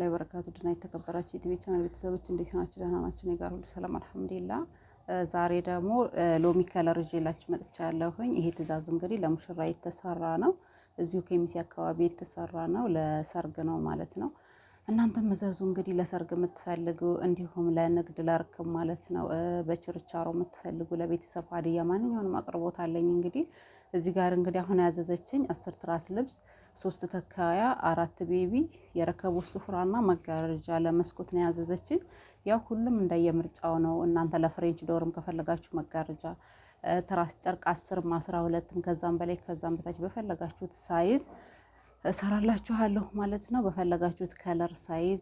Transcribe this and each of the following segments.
ላይ ወበረካቱ ድና የተከበራችሁ የኢትዮ ቻናል ቤተሰቦች እንዴት ናችሁ? ደህና ናችሁ? እኔ ጋር ሁሉ ሰላም አልሐምዱሊላ። ዛሬ ደግሞ ሎሚ ከለር ይዤላችሁ መጥቻለሁኝ። ይሄ ትእዛዝ እንግዲህ ለሙሽራ የተሰራ ነው። እዚሁ ከሚሴ አካባቢ የተሰራ ነው። ለሰርግ ነው ማለት ነው። እናንተ መዛዙ እንግዲህ ለሰርግ የምትፈልጉ እንዲሁም ለንግድ ለርክብ ማለት ነው፣ በችርቻሮ የምትፈልጉ ለቤተሰብ ሀዲያ ማንኛውንም አቅርቦት አለኝ። እንግዲህ እዚህ ጋር እንግዲህ አሁን ያዘዘችኝ አስር ትራስ ልብስ፣ ሶስት ተካያ፣ አራት ቤቢ የረከቡ ሱፍራና መጋረጃ ለመስኮት ነው ያዘዘችኝ። ያው ሁሉም እንደየምርጫው ነው። እናንተ ለፍሬንች ዶርም ከፈለጋችሁ መጋረጃ ትራስ ጨርቅ አስርም አስራ ሁለትም ከዛም በላይ ከዛም በታች በፈለጋችሁት ሳይዝ እሰራላችኋለሁ ማለት ነው። በፈለጋችሁት ከለር፣ ሳይዝ፣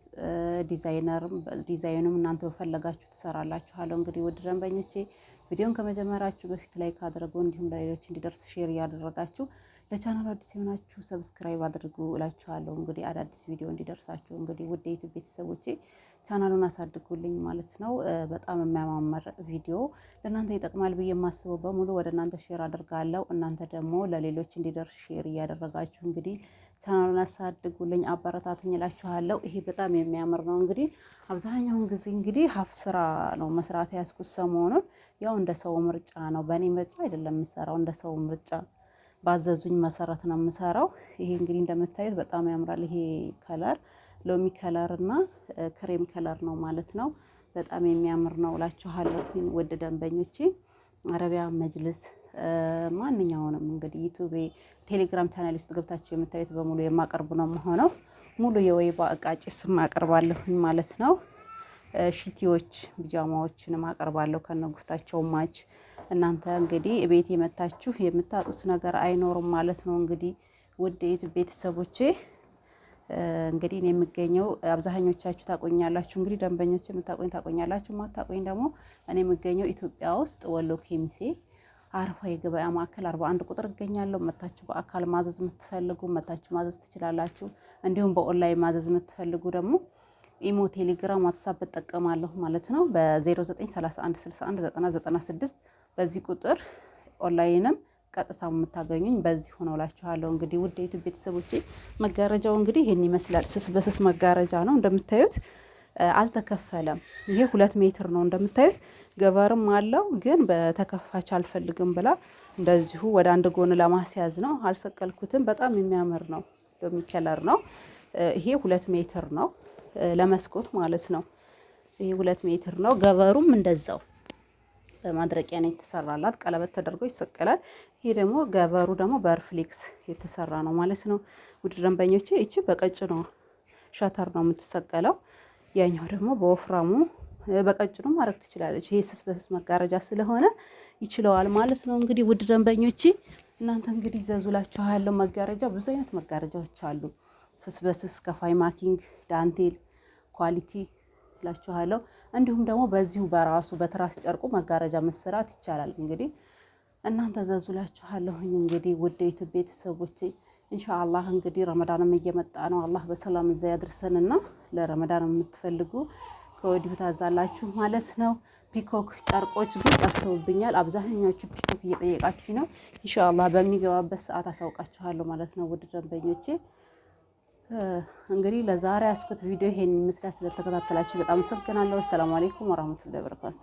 ዲዛይነር ዲዛይኑም እናንተ በፈለጋችሁት እሰራላችኋለሁ። እንግዲህ ውድ ደንበኞቼ ቪዲዮን ከመጀመራችሁ በፊት ላይ ካደረጉ እንዲሁም ለሌሎች እንዲደርስ ሼር እያደረጋችሁ ለቻናል አዲስ የሆናችሁ ሰብስክራይብ አድርጉ እላችኋለሁ። እንግዲህ አዳዲስ ቪዲዮ እንዲደርሳችሁ እንግዲህ ውድ የዩቱብ ቤተሰቦቼ ቻናሉን አሳድጉልኝ ማለት ነው። በጣም የሚያማምር ቪዲዮ ለእናንተ ይጠቅማል ብዬ የማስበው በሙሉ ወደ እናንተ ሼር አድርጋለሁ። እናንተ ደግሞ ለሌሎች እንዲደርስ ሼር እያደረጋችሁ እንግዲህ ቻናሉን አሳድጉልኝ፣ አበረታቱኝ እላችኋለሁ። ይሄ በጣም የሚያምር ነው። እንግዲህ አብዛኛውን ጊዜ እንግዲህ ሀፍ ስራ ነው መስራት ያስኩት ሰሞኑን። ያው እንደ ሰው ምርጫ ነው፣ በእኔ ምርጫ አይደለም የምሰራው፣ እንደ ሰው ምርጫ ባዘዙኝ መሰረት ነው የምሰራው። ይሄ እንግዲህ እንደምታዩት በጣም ያምራል። ይሄ ከለር ሎሚ ከለር እና ክሬም ከለር ነው ማለት ነው። በጣም የሚያምር ነው እላችኋለሁ ውድ ደንበኞቼ። አረቢያ መጅልስ ማንኛውንም እንግዲህ ዩቱቤ፣ ቴሌግራም ቻናል ውስጥ ገብታችሁ የምታዩት በሙሉ የማቀርቡ ነው የምሆነው። ሙሉ የወይባ እቃ ጭስም አቀርባለሁኝ ማለት ነው። ሽቲዎች፣ ቢጃማዎችንም አቀርባለሁ ከነጉፍታቸው ማች እናንተ እንግዲህ ቤት የመታችሁ የምታጡት ነገር አይኖርም ማለት ነው። እንግዲህ ውድ ቤተሰቦቼ እንግዲህ እኔ የምገኘው አብዛኞቻችሁ ታቆኛላችሁ። እንግዲህ ደንበኞች የምታቆኝ ታቆኛላችሁ፣ ማታቆኝ ደግሞ እኔ የምገኘው ኢትዮጵያ ውስጥ ወሎ ኬሚሴ አርፋ የገበያ ማዕከል አርባ አንድ ቁጥር እገኛለሁ። መታችሁ በአካል ማዘዝ የምትፈልጉ መታችሁ ማዘዝ ትችላላችሁ። እንዲሁም በኦንላይን ማዘዝ የምትፈልጉ ደግሞ ኢሞ፣ ቴሌግራም፣ ዋትሳፕ እጠቀማለሁ ማለት ነው። በ0931619996 በዚህ ቁጥር ኦንላይንም ቀጥታ የምታገኙኝ በዚህ ሆነ ላችኋለሁ። እንግዲህ ውድ የዩቱብ ቤተሰቦቼ መጋረጃው እንግዲህ ይህን ይመስላል። ስስ በስስ መጋረጃ ነው እንደምታዩት አልተከፈለም። ይሄ ሁለት ሜትር ነው እንደምታዩት። ገበርም አለው ግን በተከፋች አልፈልግም ብላ እንደዚሁ ወደ አንድ ጎን ለማስያዝ ነው። አልሰቀልኩትም። በጣም የሚያምር ነው። ሎሚ ከለር ነው። ይሄ ሁለት ሜትር ነው። ለመስኮት ማለት ነው። ይህ ሁለት ሜትር ነው። ገበሩም እንደዛው በማድረቂያ ነው የተሰራላት። ቀለበት ተደርጎ ይሰቀላል። ይሄ ደግሞ ገበሩ ደግሞ በርፍሌክስ የተሰራ ነው ማለት ነው። ውድ ደንበኞች እቺ በቀጭኑ ሻተር ነው የምትሰቀለው። ያኛው ደግሞ በወፍራሙ በቀጭኑ ማድረግ ትችላለች። ይሄ ስስ በስስ መጋረጃ ስለሆነ ይችለዋል ማለት ነው። እንግዲህ ውድ ደንበኞች እናንተ እንግዲህ ዘዙላችኋለሁ። መጋረጃ ብዙ አይነት መጋረጃዎች አሉ። ስስ በስስ ከፋይ ማኪንግ ዳንቴል ኳሊቲ ላችኋለሁ። እንዲሁም ደግሞ በዚሁ በራሱ በትራስ ጨርቁ መጋረጃ መሰራት ይቻላል። እንግዲህ እናንተ ዘዙላችኋለሁኝ። እንግዲህ ውድ ዩቱብ ቤተሰቦቼ ኢንሻአላህ እንግዲህ ረመዳንም እየመጣ ነው። አላህ በሰላም እዛ ያድርሰንና ለረመዳን የምትፈልጉ ከወዲሁ ታዛላችሁ ማለት ነው። ፒኮክ ጨርቆች ግን ጠፍተውብኛል። አብዛኛዎቹ ፒኮክ እየጠየቃችሁ ነው። ኢንሻአላህ በሚገባበት ሰዓት አሳውቃችኋለሁ ማለት ነው ውድ ደንበኞቼ። እንግዲህ ለዛሬ ያስኩት ቪዲዮ ይሄን ይመስላል። ስለተከታተላችሁ በጣም አመሰግናለሁ። አሰላሙ አለይኩም ወራህመቱላሂ ወበረካቱ